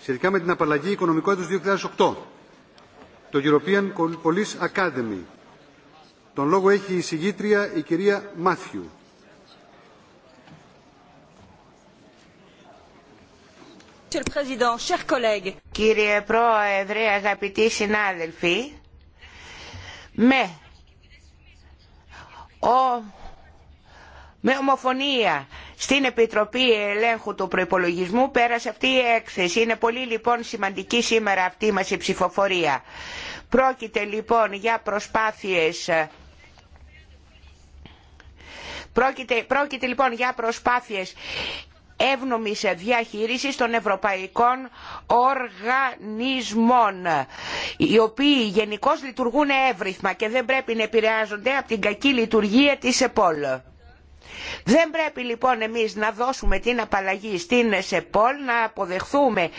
σχετικά με την απαλλαγή οικονομικών έτους 2008, το European Police Academy. Τον λόγο έχει η συγγήτρια η κυρία Μάθιου. Κύριε Πρόεδρε, αγαπητοί συνάδελφοι, με ο με ομοφωνία στην Επιτροπή Ελέγχου του Προϋπολογισμού πέρασε αυτή η έκθεση. Είναι πολύ λοιπόν σημαντική σήμερα αυτή μας η ψηφοφορία. Πρόκειται λοιπόν για προσπάθειες... Ε, πρόκειται, πρόκειται λοιπόν για εύνομης διαχείρισης των ευρωπαϊκών οργανισμών οι οποίοι γενικώ λειτουργούν εύρυθμα και δεν πρέπει να επηρεάζονται από την κακή λειτουργία της επόλ. Δεν πρέπει λοιπόν εμείς να δώσουμε την απαλλαγή στην ΕΣΕΠΟΛ, να αποδεχθούμε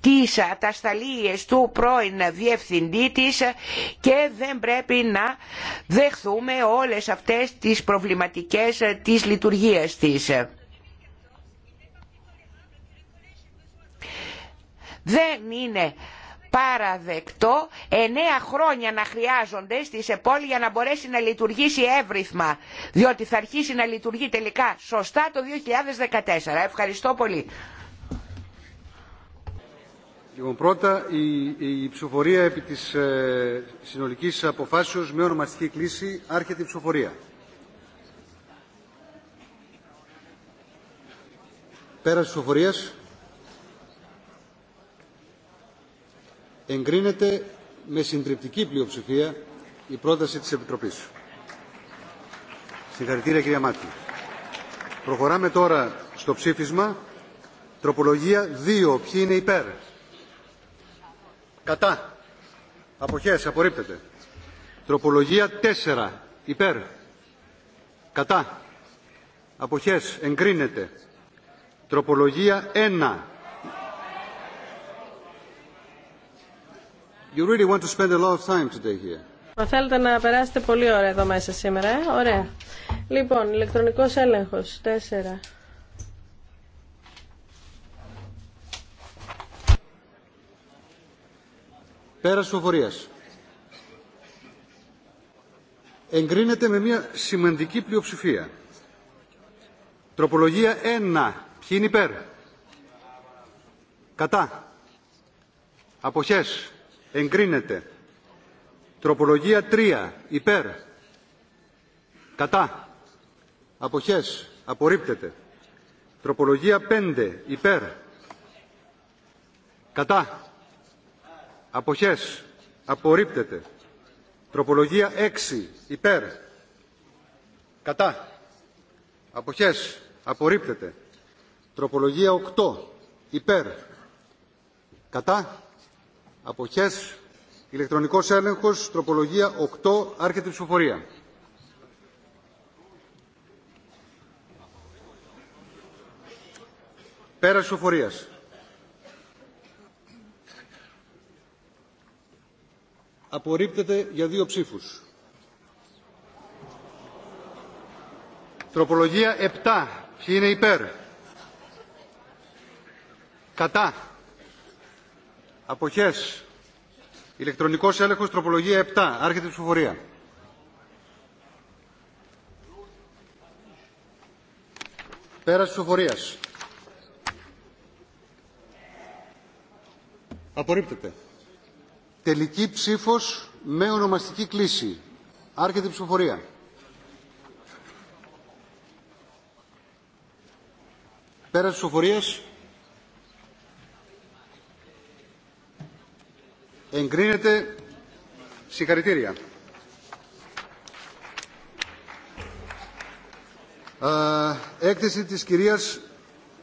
τις ατασταλίες του πρώην διευθυντή της και δεν πρέπει να δεχθούμε όλες αυτές τις προβληματικές της λειτουργίας της. Δεν είναι παραδεκτό εννέα χρόνια να χρειάζονται στη ΣΕΠΟΛ για να μπορέσει να λειτουργήσει εύρυθμα διότι θα αρχίσει να λειτουργεί τελικά σωστά το 2014. Ευχαριστώ πολύ. Λοιπόν, πρώτα η, ψηφοφορία επί της ε, συνολικής αποφάσεως με ονομαστική κλίση άρχεται η ψηφοφορία. Πέρας ψηφοφορίας. εγκρίνεται με συντριπτική πλειοψηφία η πρόταση της Επιτροπής. Συγχαρητήρια κυρία Μάτι. Προχωράμε τώρα στο ψήφισμα. Τροπολογία 2. Ποιοι είναι υπέρ. Κατά. Αποχές. Απορρίπτεται. Τροπολογία 4. Υπέρ. Κατά. Αποχές. Εγκρίνεται. Τροπολογία 1 You θέλετε να περάσετε πολύ ωραία εδώ μέσα σήμερα, ε? ωραία. Λοιπόν, ηλεκτρονικός έλεγχος, τέσσερα. Πέρας οφορίες. Εγκρίνεται με μια σημαντική πλειοψηφία. Τροπολογία 1. Ποιοι είναι υπέρ. Κατά. Αποχές εγκρίνεται. Τροπολογία 3. Υπέρ. Κατά. Αποχές. Απορρίπτεται. Τροπολογία 5. Υπέρ. Κατά. Αποχές. Απορρίπτεται. Τροπολογία 6. Υπέρ. Κατά. Αποχές. Απορρίπτεται. Τροπολογία 8. Υπέρ. Κατά. Αποχές. Ηλεκτρονικός έλεγχος. Τροπολογία 8. Άρχεται ψηφοφορία. Πέρα ψηφοφορίας. Απορρίπτεται για δύο ψήφους. Τροπολογία 7. Ποιοι είναι υπέρ. Κατά. Αποχές. Ηλεκτρονικός έλεγχος τροπολογία 7. Άρχεται η ψηφοφορία. Πέρας ψηφοφορίας. Απορρίπτεται. Τελική ψήφος με ονομαστική κλίση. Άρχεται η ψηφοφορία. Πέρας ψηφοφορίας. Εγκρίνεται. Συγχαρητήρια. Έκθεση της κυρίας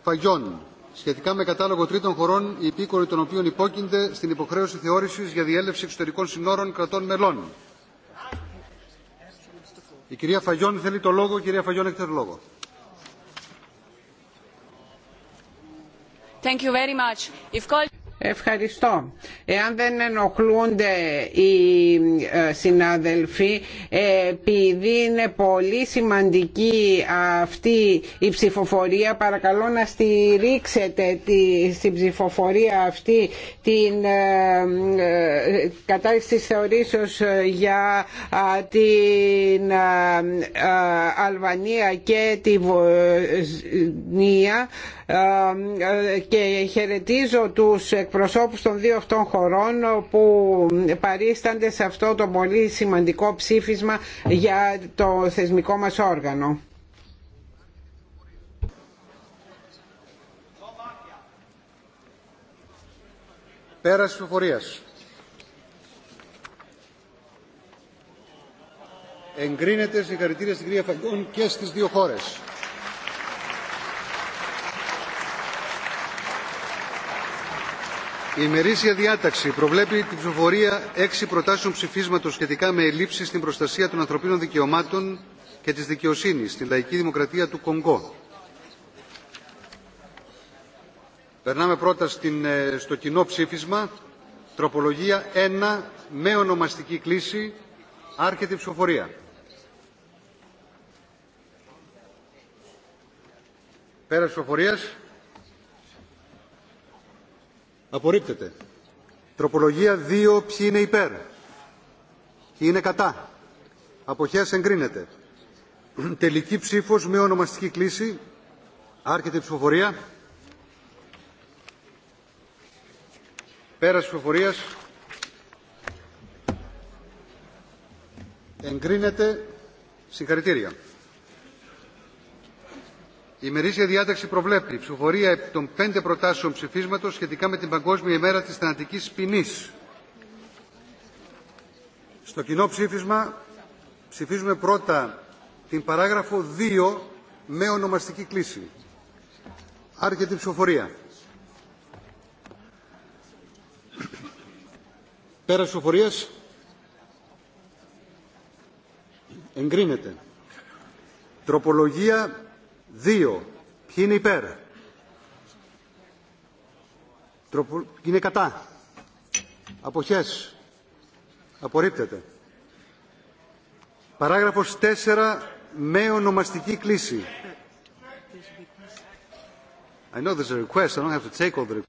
Φαγιών σχετικά με κατάλογο τρίτων χωρών οι υπήκοροι των οποίων υπόκεινται στην υποχρέωση θεώρησης για διέλευση εξωτερικών συνόρων κρατών μελών. Η κυρία Φαγιών θέλει το λόγο. Η κυρία Φαγιών, έχετε το λόγο. you very much. If... Ευχαριστώ. Εάν δεν ενοχλούνται οι ε, συνάδελφοι, επειδή είναι πολύ σημαντική αυτή η ψηφοφορία, παρακαλώ να στηρίξετε τη, στην ψηφοφορία αυτή την ε, ε κατάρριξη της θεωρήσεως για την ε, Αλβανία και τη Βοσνία και χαιρετίζω τους εκπροσώπους των δύο αυτών χωρών που παρίστανται σε αυτό το πολύ σημαντικό ψήφισμα για το θεσμικό μας όργανο. Πέρας ψηφοφορίας. Εγκρίνεται συγχαρητήρια στην κυρία Φαγκών και στις δύο χώρες. Η ημερήσια διάταξη προβλέπει την ψηφοφορία έξι προτάσεων ψηφίσματος σχετικά με ελλείψει στην προστασία των ανθρωπίνων δικαιωμάτων και τη δικαιοσύνη στην λαϊκή δημοκρατία του Κονγκό. Περνάμε πρώτα ε, στο κοινό ψήφισμα. Τροπολογία 1 με ονομαστική κλίση. Άρχεται η ψηφοφορία. Πέρα ψηφοφορίας. Απορρίπτεται. Τροπολογία 2. Ποιοι είναι υπέρ. Ποιοι είναι κατά. Αποχέας εγκρίνεται. Τελική ψήφος με ονομαστική κλίση. Άρχεται η ψηφοφορία. Πέρας ψηφοφορίας. Εγκρίνεται. Συγχαρητήρια. Η ημερήσια διάταξη προβλέπει ψηφοφορία των πέντε προτάσεων ψηφίσματο σχετικά με την Παγκόσμια ημέρα τη θανατική ποινή. Στο κοινό ψήφισμα ψηφίζουμε πρώτα την παράγραφο 2 με ονομαστική κλίση. Άρχεται η ψηφοφορία. Πέρα ψηφοφορία. Εγκρίνεται. Τροπολογία 2. Ποιοι είναι υπέρ. είναι κατά. Αποχές. Απορρίπτεται. Παράγραφος 4 με ονομαστική κλίση.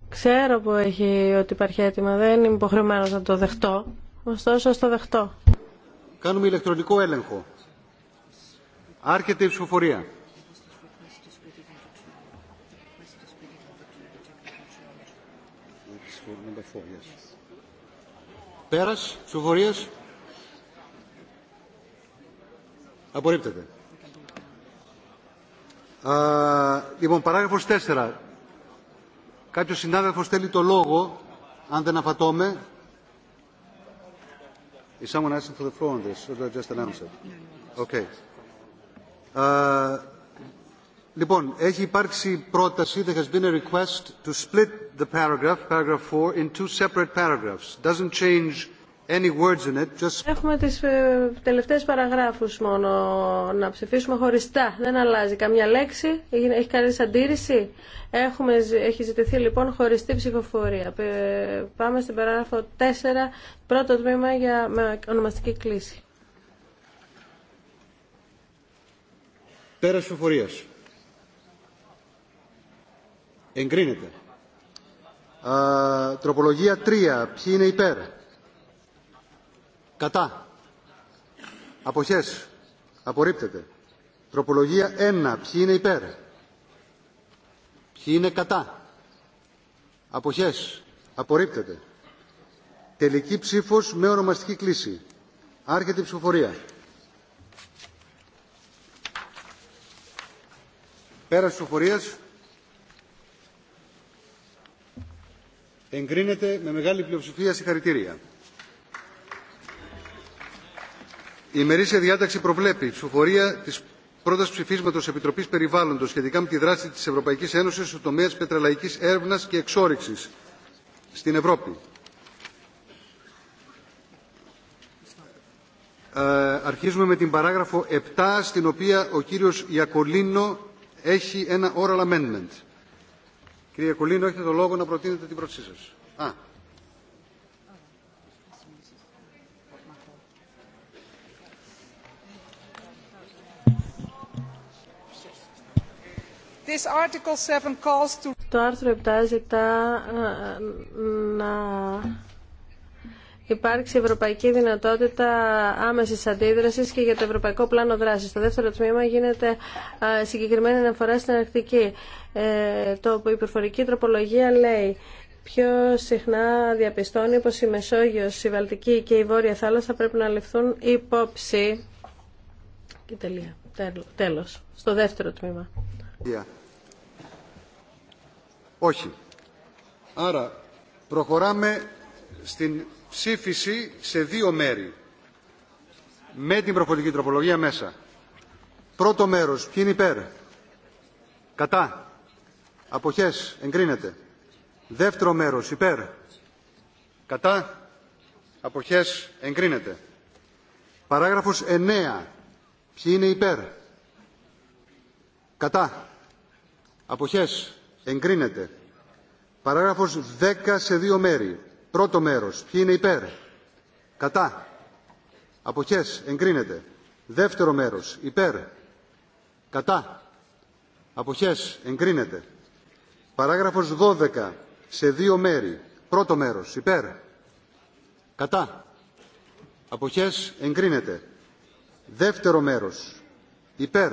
Ξέρω που έχει ότι υπάρχει έτοιμα, δεν είμαι υποχρεωμένος να το δεχτώ. Ωστόσο, στο το δεχτώ. Κάνουμε ηλεκτρονικό έλεγχο. Άρχεται η ψηφοφορία. Πέρας, ψηφοφορίας. Απορρίπτεται. Α, λοιπόν, παράγραφος 4. Κάποιος συνάδελφος θέλει το λόγο, αν δεν απατώμε. Is someone asking for the floor on this, or do just announce Okay. Uh, Λοιπόν, έχει υπάρξει πρόταση, there has been a request to split the paragraph, paragraph 4, in two separate paragraphs. Doesn't change any words in it, just... Έχουμε τις ε, τελευταίες παραγράφους μόνο να ψηφίσουμε χωριστά. Δεν αλλάζει καμιά λέξη. Έχει κανείς αντίρρηση. Έχουμε, έχει ζητηθεί λοιπόν χωριστή ψηφοφορία. πάμε στην παράγραφο 4, πρώτο τμήμα για, με ονομαστική κλίση. Πέρας ψηφοφορίας. Εγκρίνεται. Α, τροπολογία 3. Ποιοι είναι υπέρ. Κατά. Αποχές. Απορρίπτεται. Τροπολογία 1. Ποιοι είναι υπέρ. Ποιοι είναι κατά. Αποχές. Απορρίπτεται. Τελική ψήφος με ονομαστική κλίση. Άρχεται η ψηφοφορία. Πέρας ψηφοφορίας. Εγκρίνεται με μεγάλη πλειοψηφία συγχαρητήρια. Η ημερήσια διάταξη προβλέπει ψηφοφορία τη πρώτα ψηφίσματο Επιτροπή Περιβάλλοντο σχετικά με τη δράση τη Ευρωπαϊκή Ένωση στο τομέα τη πετρελαϊκή έρευνα και εξόριξη στην Ευρώπη. Ε, αρχίζουμε με την παράγραφο 7, στην οποία ο κύριος Ιακολίνο έχει ένα oral amendment. Κύριε Κουλίνο, έχετε το λόγο να προτείνετε την πρότασή Α. Το άρθρο 7 ζητά ε, ε, να υπάρξει ευρωπαϊκή δυνατότητα άμεση αντίδραση και για το Ευρωπαϊκό Πλάνο Δράση. Το δεύτερο τμήμα γίνεται συγκεκριμένη αναφορά στην Αρκτική. Ε, το, η προφορική τροπολογία λέει πιο συχνά διαπιστώνει πως η Μεσόγειος, η Βαλτική και η Βόρεια Θάλασσα πρέπει να ληφθούν υπόψη. Και τελεία. Τέλος. Στο δεύτερο τμήμα. Όχι. Άρα προχωράμε στην ψήφιση σε δύο μέρη. Με την προφορική τροπολογία μέσα. Πρώτο μέρος. Ποιοι είναι υπέρ. Κατά. Αποχές. Εγκρίνεται. Δεύτερο μέρος. Υπέρ. Κατά. Αποχές. Εγκρίνεται. Παράγραφος 9. Ποιοι είναι υπέρ. Κατά. Αποχές. Εγκρίνεται. Παράγραφος 10 σε δύο μέρη. Πρώτο μέρος. Ποιοι είναι υπέρ. Κατά. Αποχές. Εγκρίνεται. Δεύτερο μέρος. Υπέρ. Κατά. Αποχές. Εγκρίνεται. Παράγραφος 12. Σε δύο μέρη. Πρώτο μέρος. Υπέρ. Κατά. Αποχές. Εγκρίνεται. Δεύτερο μέρος. Υπέρ.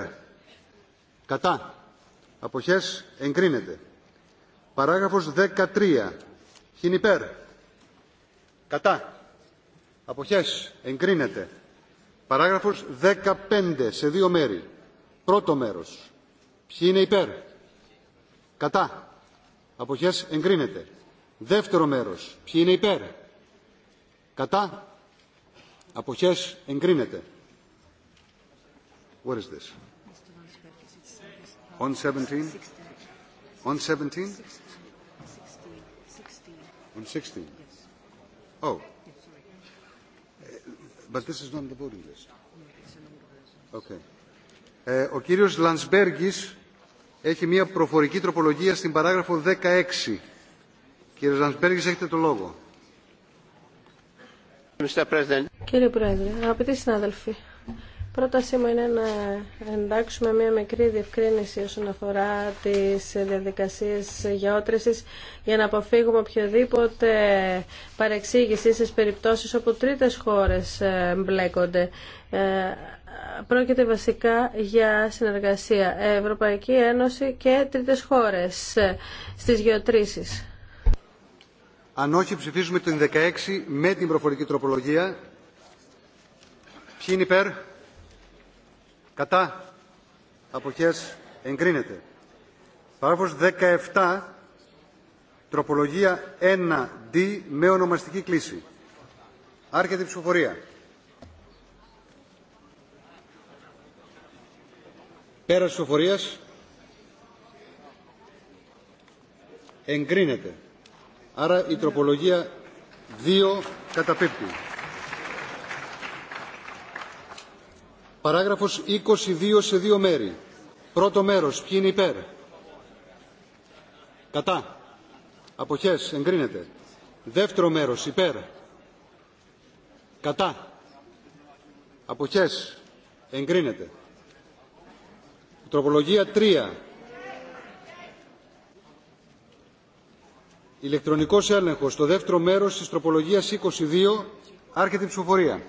Κατά. Αποχές. Εγκρίνεται. Παράγραφος 13. Χιν υπέρ. Κατά. Αποχές. Εγκρίνεται. Παράγραφος 15 σε δύο μέρη. Πρώτο μέρος. Ποιοι είναι υπέρ. Κατά. Αποχές. Εγκρίνεται. Δεύτερο μέρος. Ποιοι είναι υπέρ. Κατά. Αποχές. Εγκρίνεται. What is this? On 17? On 17? On 16 ο κύριος Λανσμπέργης έχει μια προφορική τροπολογία στην παράγραφο 16. Κύριε Λανσμπέργης, έχετε το λόγο. Κύριε Πρόεδρε, αγαπητοί συνάδελφοι, Πρότασή μου είναι να εντάξουμε μια μικρή διευκρίνηση όσον αφορά τις διαδικασίες γεώτρησης για να αποφύγουμε οποιοδήποτε παρεξήγηση στις περιπτώσεις όπου τρίτες χώρες ε, μπλέκονται. Ε, πρόκειται βασικά για συνεργασία Ευρωπαϊκή Ένωση και τρίτες χώρες ε, στις γεωτρήσεις. Αν όχι ψηφίζουμε την 16 με την προφορική τροπολογία. Ποιοι είναι υπέρ? Κατά. Αποχές εγκρίνεται. Παράγραφος 17. Τροπολογία 1D με ονομαστική κλίση. Άρχεται η ψηφοφορία. Πέρα ψηφοφορίας. Εγκρίνεται. Άρα η τροπολογία 2 καταπίπτει. Παράγραφος 22 σε δύο μέρη. Πρώτο μέρος. Ποιοι είναι υπέρ. Κατά. Αποχές. Εγκρίνεται. Δεύτερο μέρος. Υπέρ. Κατά. Αποχές. Εγκρίνεται. Τροπολογία 3. Ηλεκτρονικός έλεγχος. Το δεύτερο μέρος της τροπολογίας 22. Άρχεται η ψηφοφορία.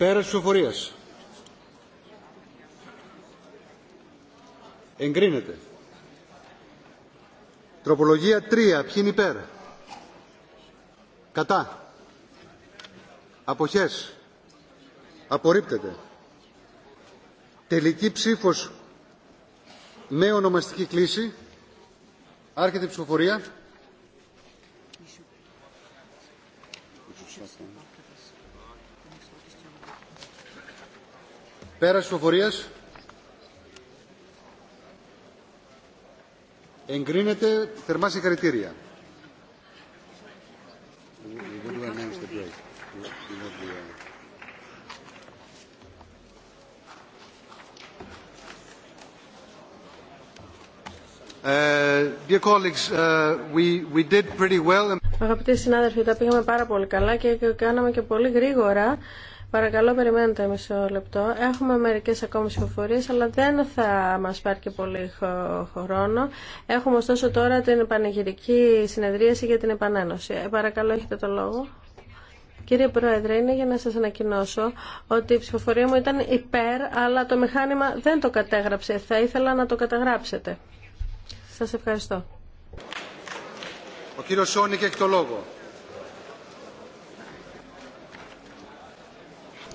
Πέρας ψηφοφορίας. Εγκρίνεται. Τροπολογία 3. Ποιοι είναι υπέρ. Κατά. Αποχές. Απορρίπτεται. Τελική ψήφος με ονομαστική κλίση. Άρχεται η ψηφοφορία. Πέρας ψηφοφορίας. Εγκρίνεται θερμά συγχαρητήρια. Ε, ε, Αγαπητοί συνάδελφοι, τα πήγαμε πάρα πολύ καλά και κάναμε και πολύ γρήγορα Παρακαλώ, περιμένετε μισό λεπτό. Έχουμε μερικέ ακόμη ψηφοφορίε, αλλά δεν θα μα πάρει και πολύ χρόνο. Έχουμε ωστόσο τώρα την πανηγυρική συνεδρίαση για την επανένωση. Ε, παρακαλώ, έχετε το λόγο. Κύριε Πρόεδρε, είναι για να σας ανακοινώσω ότι η ψηφοφορία μου ήταν υπέρ, αλλά το μηχάνημα δεν το κατέγραψε. Θα ήθελα να το καταγράψετε. Σας ευχαριστώ. Ο κύριος Σόνικ έχει το λόγο.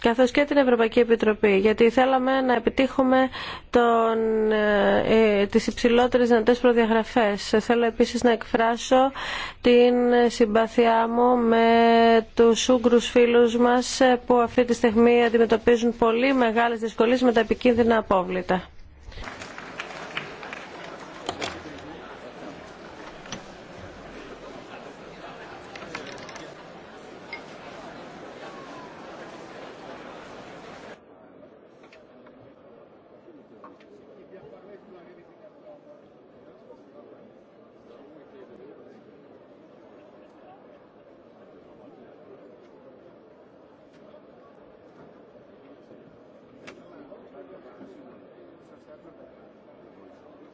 καθώς και την Ευρωπαϊκή Επιτροπή, γιατί θέλαμε να επιτύχουμε τον, ε, ε τις υψηλότερες δυνατές προδιαγραφές. Θέλω επίσης να εκφράσω την συμπαθιά μου με τους Ούγκρους φίλους μας που αυτή τη στιγμή αντιμετωπίζουν πολύ μεγάλες δυσκολίες με τα επικίνδυνα απόβλητα.